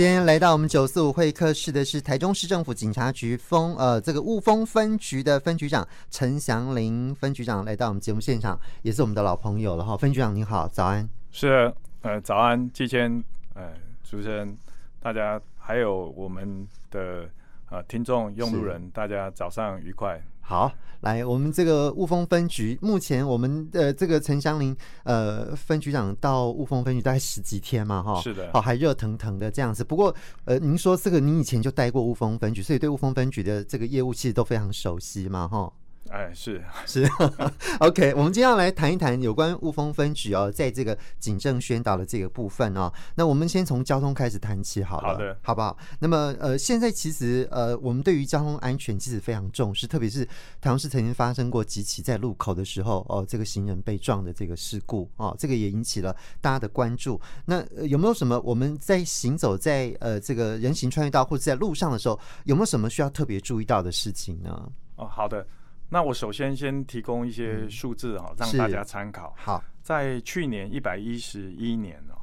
今天來到我們九四五會客室的是台中市政府警察局風，呃這個霧峰分局的分局長陳祥麟分局長來到我們節目現場，也是我們的老朋友了哈。分局長您好，早安。是、啊、呃早安，季謙呃主持人大家還有我們的呃聽眾用路人，是大家早上愉快。好，來我們這個霧峰分局，目前我們的、呃、這個陳祥麟，呃，分局長到霧峰分局大概十幾天嘛，哈，是的，好，還熱騰騰的這樣子。不過，呃，您說這個，您以前就帶過霧峰分局，所以對霧峰分局的這個業務其實都非常熟悉嘛，哈。哎，是是 ，OK，、嗯、我們今天要來談一談有關霧峰分局哦，在這個警政宣導的這個部分哦。那我們先從交通開始談起好了，好好的，好不好？那麼呃，現在其實呃，我們對於交通安全其實非常重視，是特別是台中市曾經發生過幾起在路口的時候哦、呃，這個行人被撞的這個事故哦、呃，這個也引起了大家的關注。那、呃、有沒有什麼我們在行走在呃這個人行穿越道或者在路上的時候，有沒有什麼需要特別注意到的事情呢？哦，好的。那我首先先提供一些數字哈、哦，嗯、讓大家參考。好，在去年一百一十一年哦，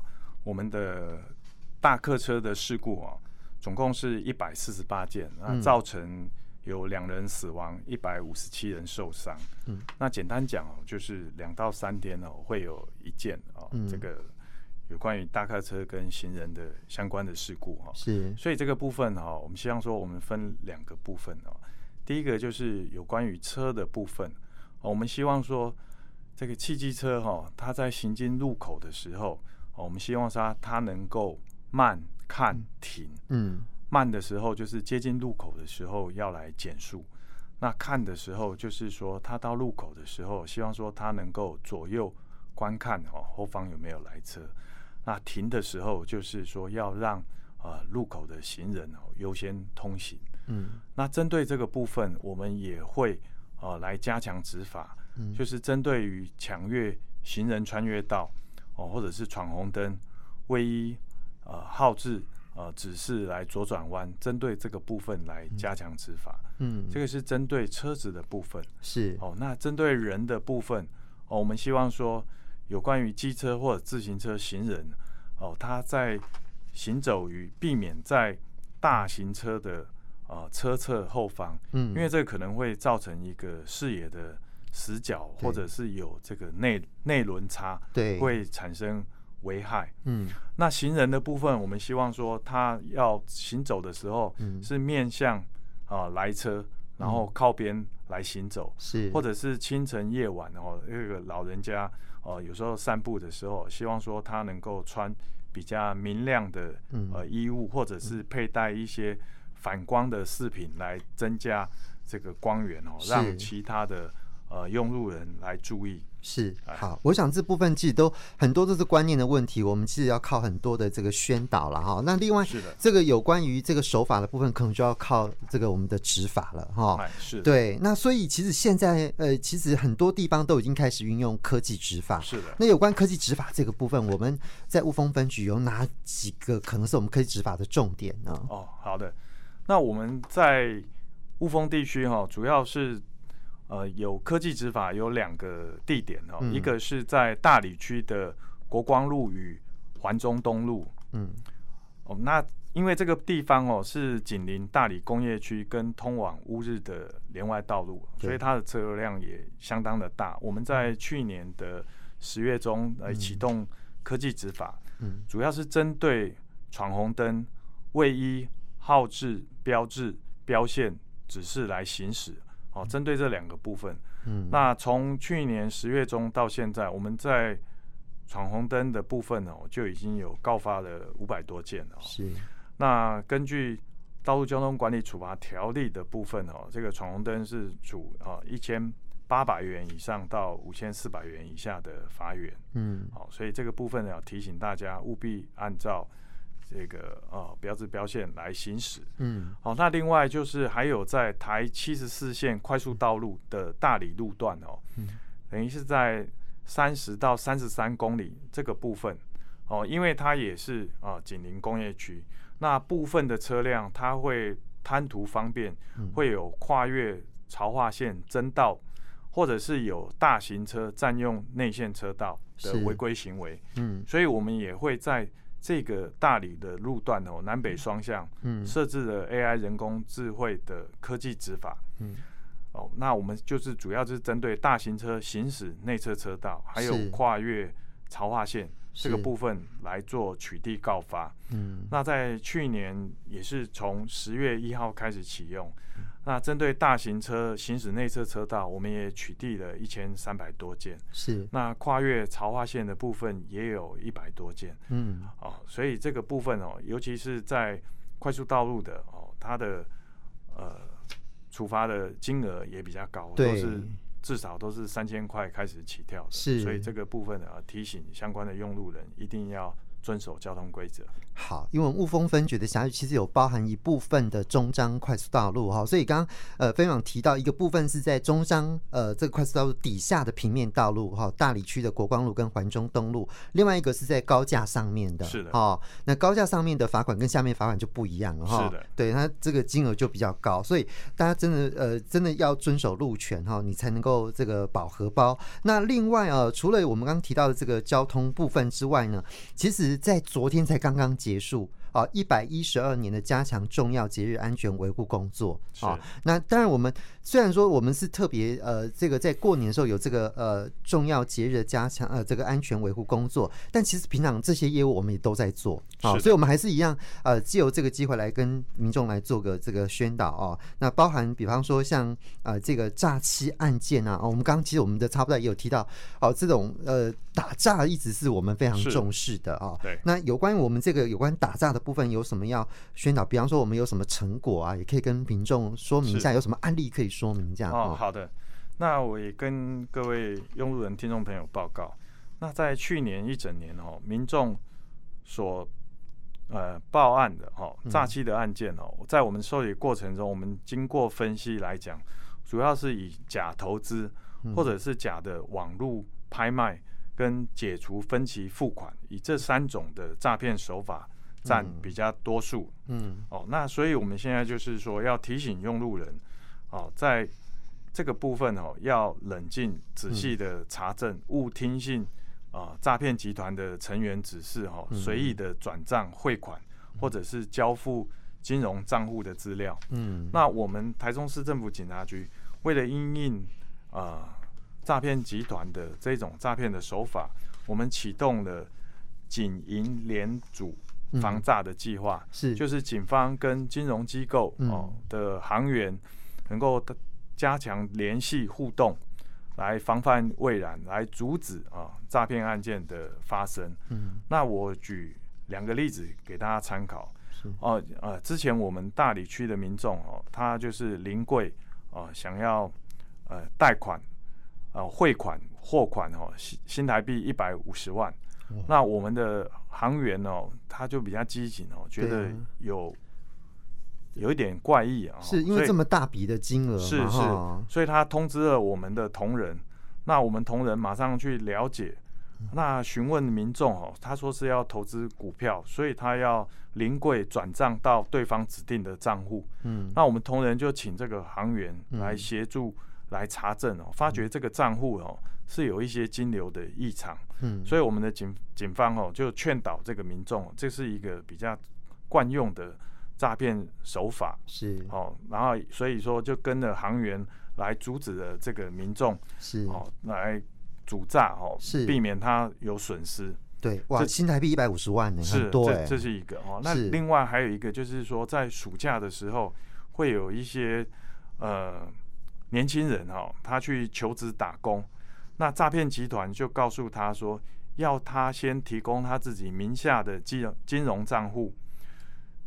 我們的大客車的事故啊、哦，總共是一百四十八件，嗯、那造成有兩人死亡，一百五十七人受傷。嗯，那簡單講哦，就是兩到三天哦，會有一件哦，嗯、這個有關於大客車跟行人的相關的事故哈、哦。是，所以這個部分哈、哦，我們希望說，我們分兩個部分哦。第一個就是有關於車的部分，我們希望說這個汽機車哈，它在行經路口的時候，我們希望說它能夠慢、看、停。嗯，慢的時候就是接近路口的時候要來減速，那看的時候就是說它到路口的時候，希望說它能夠左右觀看哦，後方有沒有來車。那停的時候就是說要讓啊路口的行人哦優先通行。嗯，那針對這個部分，我們也會啊、呃、來加強執法，嗯、就是針對於搶越行人穿越道，哦、呃、或者是闖紅燈、未依呃號誌，呃，呃指示來左轉彎，針對這個部分來加強執法嗯。嗯，這個是針對車子的部分。是哦、呃，那針對人的部分，哦、呃、我們希望說有關於機車或者自行車、行人，哦、呃、他在行走與避免在大型車的車側後方，嗯，因為這可能會造成一個視野的死角，對，或者是有這個內內輪差，對，會產生危害。嗯，那行人的部分，我們希望說他要行走的時候，嗯，是面向啊來車，嗯、然後靠邊來行走，是，或者是清晨夜晚哦、喔，那個老人家哦、啊，有時候散步的時候，希望說他能夠穿比較明亮的呃衣物，嗯、或者是佩戴一些。反光的飾品來增加這個光源哦，是讓其他的呃用路人來注意。是好，對我想這部分其實都很多都是觀念的問題，我們其實要靠很多的這個宣導了哈。那另外是的，這個有關於這個守法的部分，可能就要靠這個我們的執法了哈。是的，對。的那所以其實現在呃，其實很多地方都已經開始運用科技執法。是的。那有關科技執法這個部分，對我們在霧峰分局有哪幾個可能是我們科技執法的重點呢？哦，好的。那我們在霧峰地區哈、哦，主要是呃有科技執法有兩個地點哦，嗯、一個是在大里區的國光路與環中東路，嗯，哦那因為這個地方哦是緊鄰大里工業區跟通往烏日的聯外道路，對所以它的車流量也相當的大。我們在去年的十月中來啟動科技執法嗯，嗯，主要是針對闖紅燈、未依。號誌、標誌、標線、指示來行駛哦。針、喔、對這兩個部分，嗯，那從去年十月中到現在，我們在闖紅燈的部分哦、喔，就已經有告發了五百多件哦。喔、是。那根據《道路交通管理處罰條例》的部分哦、喔，這個闖紅燈是處哦一千八百元以上到五千四百元以下的罰鍰。嗯。好、喔，所以這個部分要提醒大家務必按照。這個啊，標誌標線來行駛，嗯，好、哦，那另外就是還有在台七十四線快速道路的大里路段哦，嗯、等於是在三十到三十三公里這個部分哦，因為它也是啊緊鄰工業區，那部分的車輛它會貪圖方便，嗯、會有跨越槽化線爭道，或者是有大型車佔用內線車道的違規行為，嗯，所以我們也會在。這個大里的路段哦，南北雙向，設置了 AI 人工智慧的科技執法，嗯、哦，那我們就是主要就是針對大型車行駛內側車，車道，還有跨越槽化線。這個部分來做取締告發，嗯，那在去年也是從十月一號開始啟用，嗯，那針對大型車行駛內側車道，我們也取締了一千三百多件，是，那跨越槽化線的部分也有一百多件，嗯，哦，所以這個部分哦，尤其是在快速道路的哦，它的呃處罰的金額也比較高，對。都是至少都是三千塊開始起跳，是，所以這個部分啊，提醒相關的用路人一定要。遵守交通規則。好，因為霧峰分局的轄區其實有包含一部分的中彰快速道路哈，所以剛剛呃飛網提到一個部分是在中彰呃這個快速道路底下的平面道路哈，哦，大里區的國光路跟環中東路，另外一個是在高架上面的，是的哈，哦。那高架上面的罰款跟下面罰款就不一樣了哈，哦，是的，對，它這個金額就比較高，所以大家真的呃真的要遵守路權哈，哦，你才能夠這個保荷包。那另外呃除了我們剛剛提到的這個交通部分之外呢，其實在昨天才剛剛結束。啊，一百一十二年的加強重要節日安全維護工作啊是的、哦。那當然，我們雖然說我們是特別呃，這個在過年的時候有這個呃重要節日的加強呃這個安全維護工作，但其實平常這些業務我們也都在做啊。哦、是的 所以，我們還是一樣呃，借由這個機會來跟民眾來做個這個宣導啊、哦。那包含比方說像呃這個詐欺案件啊，哦、我們剛剛其實我們的差不多也有提到，哦，這種呃打詐一直是我們非常重視的啊的、哦。那有關於我們這個有關打詐的。部分有什麼要宣導？比方說，我們有什麼成果啊？也可以跟民眾說明一下，是有什麼案例可以說明這樣哦。嗯、好的，那我也跟各位用路人、聽眾朋友報告，那在去年一整年哦，民眾所呃報案的哦，詐欺的案件哦，嗯、在我們受理過程中，我們經過分析來講，主要是以假投資，或者是假的網絡拍賣跟解除分期付款，嗯、以這三種的詐騙手法。占比較多數、嗯，嗯，哦，那所以我們現在就是說要提醒用路人，哦，在這個部分哦，要冷靜、仔細的查證，勿、嗯、聽信啊詐騙集團的成員指示，哦，隨、嗯、意的轉賬匯款，或者是交付金融賬戶的資料，嗯，那我們台中市政府警察局為了因應應啊詐騙集團的這種詐騙的手法，我們啟動了警銀聯組。防詐的計劃、嗯、是，就是警方跟金融機構哦的行員能夠加強聯繫互動，來防範未然，來阻止啊詐騙案件的發生。嗯，那我舉兩個例子給大家參考。是哦呃，之前我們大里區的民眾哦，他就是臨櫃哦，想要呃貸款，呃匯款貨款哦新新台幣一百五十萬。那我們的行員哦、喔，他就比較機警哦、喔，對覺得有有一點怪異啊、喔，是因為這麼大筆的金額，是是，所以他通知了我們的同仁，那我們同仁馬上去了解，嗯、那詢問民眾哦、喔，他說是要投資股票，所以他要臨櫃轉賬到對方指定的賬戶，嗯，那我們同仁就請這個行員來協助來查證哦、喔，嗯、發覺這個賬戶哦。是有一些金流的異常，嗯，所以我們的警警方哦、喔、就勸導這個民眾，這是一個比較慣用的詐騙手法，是哦、喔，然後所以說就跟着行員來阻止了這個民眾，是哦、喔，來阻詐哦、喔，是避免他有損失。對，哇，這新台幣一百五十萬呢，是多這，這是一個哦、喔。那另外還有一個就是說，在暑假的時候會有一些呃年輕人哦、喔，他去求職打工。那詐騙集團就告訴他說，要他先提供他自己名下的金融金融賬戶，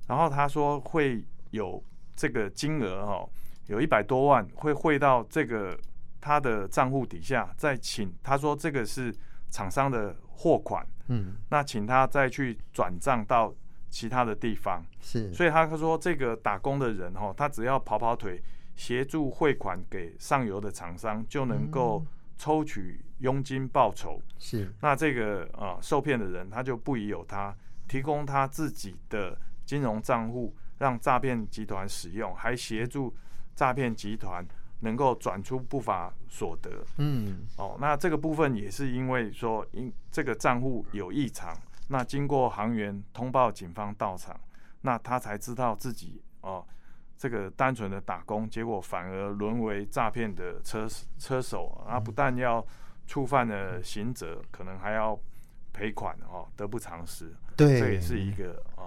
然後他說會有這個金額哦，有一百多萬會匯到這個他的賬戶底下，再請他說這個是廠商的貨款，嗯，那請他再去轉賬到其他的地方，是，所以他說這個打工的人哈、哦，他只要跑跑腿，協助匯款給上游的廠商就能夠。抽取佣金報酬是，那這個啊、呃、受騙的人他就不疑有他，提供他自己的金融賬戶讓詐騙集團使用，還協助詐騙集團能夠轉出不法所得。嗯，哦、呃，那這個部分也是因為說，因這個賬戶有異常，那經過行員通報警方到場，那他才知道自己哦。呃這個單純的打工，結果反而淪為詐騙的車車手啊！不但要觸犯了刑責，可能還要賠款哦，得不償失。對，這也是一個啊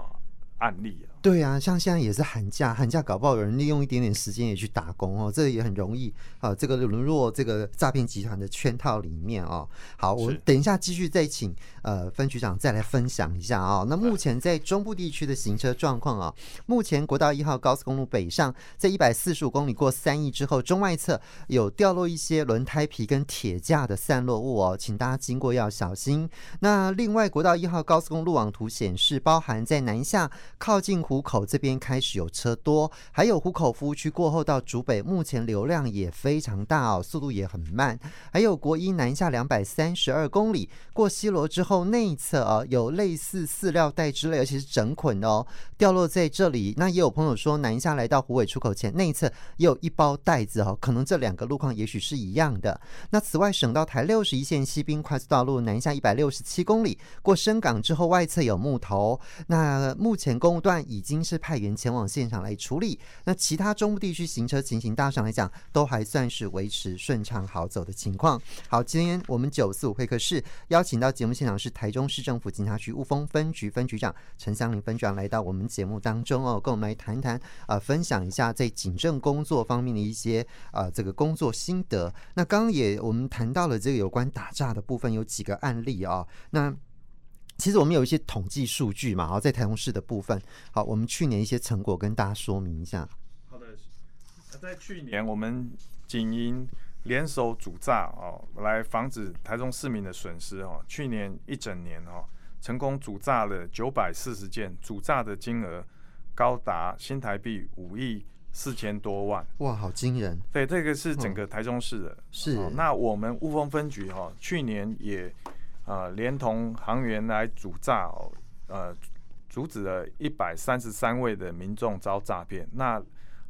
案例啊。對啊，像現在也是寒假，寒假搞不好有人利用一點點時間也去打工哦，這也很容易啊、呃，這個淪落這個詐騙集團的圈套裡面哦。好，我等一下繼續再請呃分局長再來分享一下啊、哦。那目前在中部地區的行車狀況啊、哦，是目前國道一號高速公路北上在一百四十五公里過三義之後，中外側有掉落一些輪胎皮跟鐵架的散落物哦，請大家經過要小心。那另外，國道一號高速公路網圖顯示，包含在南下靠近。湖口這邊開始有車多，還有湖口服務區過後到竹北，目前流量也非常大哦，速度也很慢。還有國一南下兩百三十二公里，過西螺之後內側哦有類似飼料袋之類，而且是整捆的哦，掉落在這裡。那也有朋友說南下來到虎尾出口前內側也有一包袋子哦，可能這兩個路況也許是一樣的。那此外，省道台六十一線西濱快速道路南下一百六十七公里，過伸港之後外側有木頭。那目前公路段已。已經是派員前往現場來處理。那其他中部地區行車情形，大上來講都還算是維持順暢好走的情況。好，今天我們九四五會客室邀請到節目現場是台中市政府警察局霧峰分局分局長陳祥麟分局長來到我們節目當中哦，跟我們來談談啊、呃，分享一下在警政工作方面的一些啊、呃、這個工作心得。那剛剛也我們談到了這個有關打詐的部分，有幾個案例啊、哦，那。其實我們有一些統計數據嘛，然後在台中市的部分，好，我們去年一些成果跟大家說明一下。好的、啊，在去年我們警銀聯手阻詐哦，來防止台中市民的損失哦。去年一整年哦，成功阻詐了九百四十件，阻詐的金額高達新台幣五億四千多萬。哇，好驚人！對，這個是整個台中市的。嗯、是、哦。那我們霧峰分局哈、哦，去年也。呃，連同行員來阻詐，呃，阻止了一百三十三位的民眾遭詐騙。那。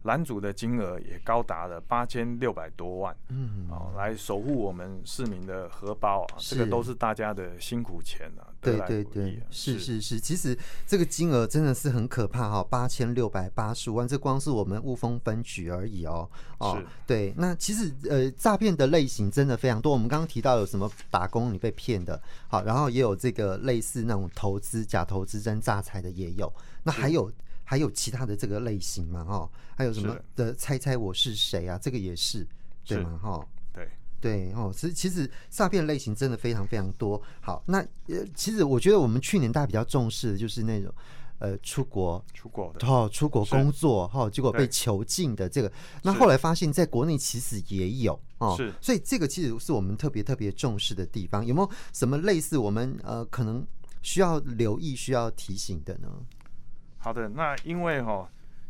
男主的金額也高達了八千六百多萬，嗯，哦，來守護我們市民的荷包啊，是這個都是大家的辛苦錢吶、啊。對,對對對，啊、是,是是是，其實這個金額真的是很可怕哈、哦，八千六百八十五萬，這光是我們霧峰分局而已哦。哦，是對，那其實呃，詐騙的類型真的非常多。我們剛剛提到有什麼打工你被騙的，好，然後也有這個類似那種投資假投資真詐財的也有，那還有。還有其他的這個類型嘛？哈，還有什麼的？猜猜我是誰啊？這個也是，是對嗎？哈對，對對哦。其實，其實詐騙類型真的非常非常多。好，那呃，其實我覺得我們去年大家比較重視的就是那種呃，出國出國哈、哦，出國工作哈是、哦，結果被囚禁的這個。對那後來發現，在國內其實也有哦，是。所以這個其實是我們特別特別重視的地方。有沒有什麼類似我們呃，可能需要留意、需要提醒的呢？好的，那因為哈、哦，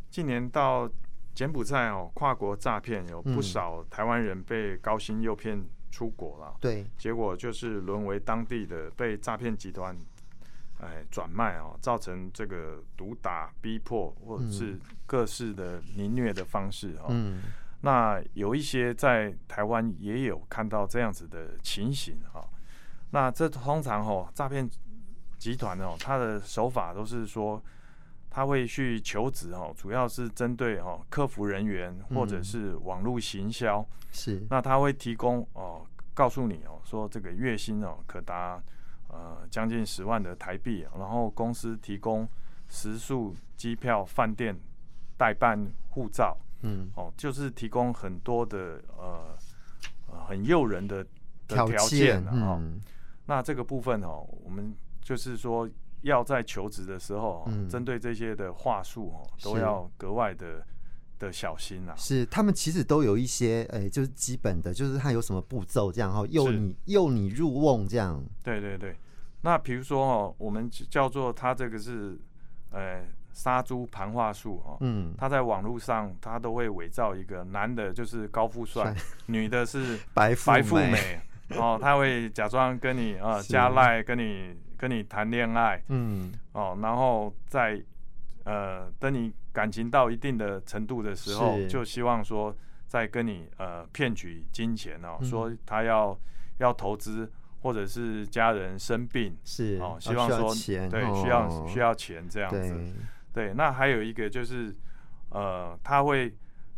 近年到柬埔寨哦，跨國詐騙有不少台灣人被高薪誘騙出國了，嗯、對，結果就是淪為當地的被詐騙集團，哎，轉賣哦，造成這個毒打、逼迫或者是各式的凌虐的方式哦。嗯、那有一些在台灣也有看到這樣子的情形啊、哦。那這通常哦，詐騙集團哦，他的手法都是說。他會去求職哦，主要是針對哦，客服人員或者是網絡行銷、嗯。是。那他會提供哦、呃，告訴你哦，說這個月薪哦，可達呃將近十萬的台幣，然後公司提供食宿、機票、飯店、代辦護照。嗯。哦、呃，就是提供很多的呃很誘人的條件、條件、嗯、呃、那這個部分哦、呃，我們就是說。要在求職的時候，嗯，針對這些的話術哦，都要格外的的小心啦。是，他們其實都有一些，呃，就是基本的，就是他有什麼步驟這樣，哈，誘你誘你入甕這樣。對對對。那比如說哦，我們叫做他這個是，呃，殺豬盤話術，嗯，他在網絡上他都會偽造一個男的，就是高富帥，女的是白富白富美，哦，他會假裝跟你啊加賴跟你。跟你談戀愛，嗯，哦，然後在呃，等你感情到一定的程度的時候，是，就希望說再跟你呃騙取金錢哦，嗯、說他要要投資，或者是家人生病，是哦，希望說對、啊、需要需要錢這樣子，對，對，那還有一個就是，呃，他會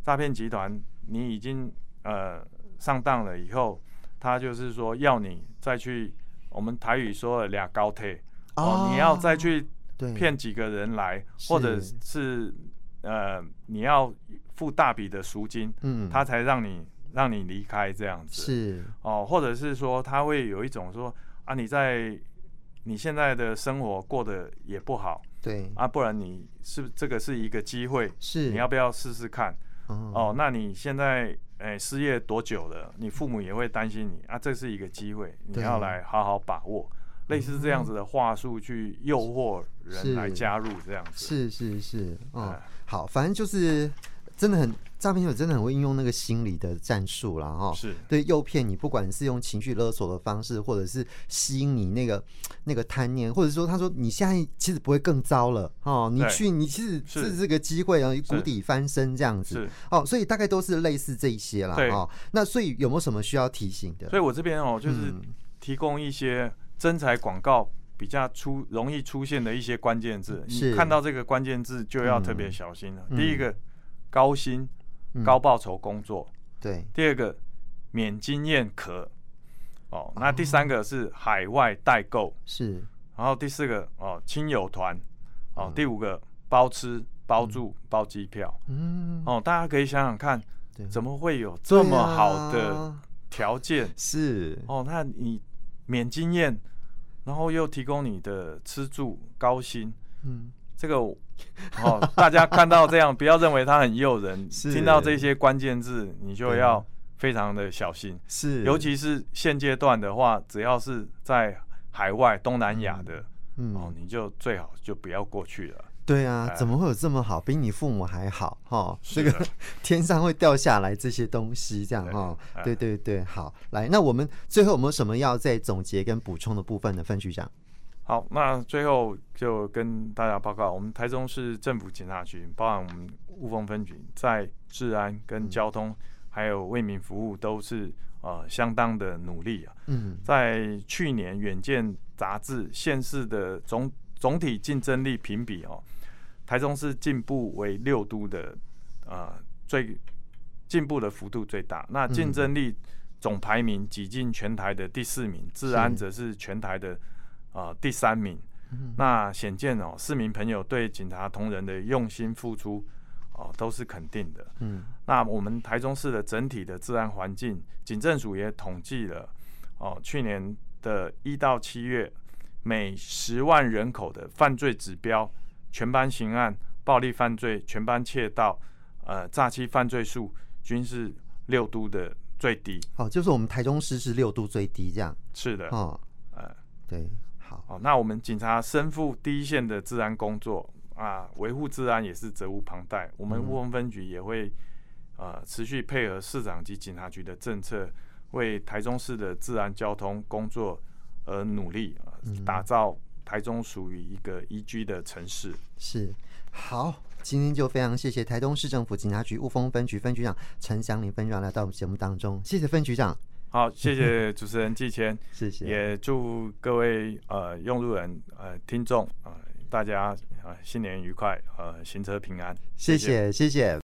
詐騙集團，你已經呃上當了以後，他就是說要你再去。我們台語說了倆高鐵、oh, 哦，你要再去騙幾個人來，對或者是,是呃，你要付大筆的贖金，嗯，他才讓你讓你離開這樣子是哦，或者是說他會有一種說啊，你在你現在的生活過得也不好，對啊，不然你是這個是一個機會，是你要不要試試看？Oh. 哦，那你現在。哎，失業多久了？你父母也會擔心你啊，這是一個機會，你要來好好把握。對類似這樣子的話術去誘惑人來加入這樣子。是是是，是是是是哦、嗯，好，反正就是真的很。詐騙者真的很會運用那個心理的戰術啦齁是。哈，是對，誘騙你，不管是用情緒勒索的方式，或者是吸引你那個那個貪念，或者說他說你現在其實不會更糟了哈，齁對你去你其實是這個機會啊，谷是底翻身這樣子，是哦，所以大概都是類似這一些啦。哈是、哦。那所以有沒有什麼需要提醒的？所以我這邊哦，就是提供一些徵才廣告比較出容易出現的一些關鍵字，是看到這個關鍵字就要特別小心了。嗯、第一個、嗯、高薪。高報酬工作，嗯、對。第二個，免經驗可，哦。那第三個是海外代購，是、哦。然後第四個，哦，親友團，哦。嗯、第五個，包吃包住、嗯、包機票，嗯、哦，大家可以想想看，對怎麼會有這麼好的條件？啊、是。哦，那你免經驗，然後又提供你的吃住高薪，嗯。這個哦，大家看到這樣， 不要認為它很誘人。是聽到這些關鍵字，你就要非常的小心。嗯、是，尤其是現階段的話，只要是在海外東南亞的，嗯、哦，你就最好就不要過去了。對啊，哎、怎麼會有這麼好？比你父母還好哈？哦、的這個天上會掉下來這些東西，這樣哈、哎哦？對對對，好。來，那我們最後有沒有什麼要再總結跟補充的部分呢，分局長？好，那最後就跟大家報告，我們台中市政府警察局，包含我們霧峰分、分局，在治安跟交通，還有為民服務，都是啊、呃、相當的努力啊。嗯哼，在去年《遠見》雜誌縣市的總總體競爭力評比哦，台中市進步為六都的啊、呃、最進步的幅度最大。那競爭力總排名擠進全台的第四名，嗯、哼治安則是全台的，啊、呃，第三名，嗯、那顯見哦，市民朋友對警察同仁的用心付出，哦、呃，都是肯定的。嗯，那我們台中市的整體的治安環境，警政署也統計了，哦、呃，去年的一到七月，每十萬人口的犯罪指標，全般刑案、暴力犯罪、全般竊盜、呃，詐欺犯罪數，均是六都的最低。哦，就是我們台中市是六都最低這樣。是的。哦，對。哦，那我們警察身負第一線的治安工作啊，維護治安也是責無旁貸。我們霧峰分局也會，啊、呃，持續配合市長及警察局的政策，為台中市的治安、交通工作而努力，打造台中屬於一個宜居的城市。是，好，今天就非常謝謝台中市政府警察局霧峰分局分局長陳祥麟分局長來到我們節目當中，謝謝分局長。好，謝謝主持人季謙，謝謝 些，也祝各位呃用路人呃聽眾呃大家呃新年愉快，呃行車平安，謝謝些，謝謝決。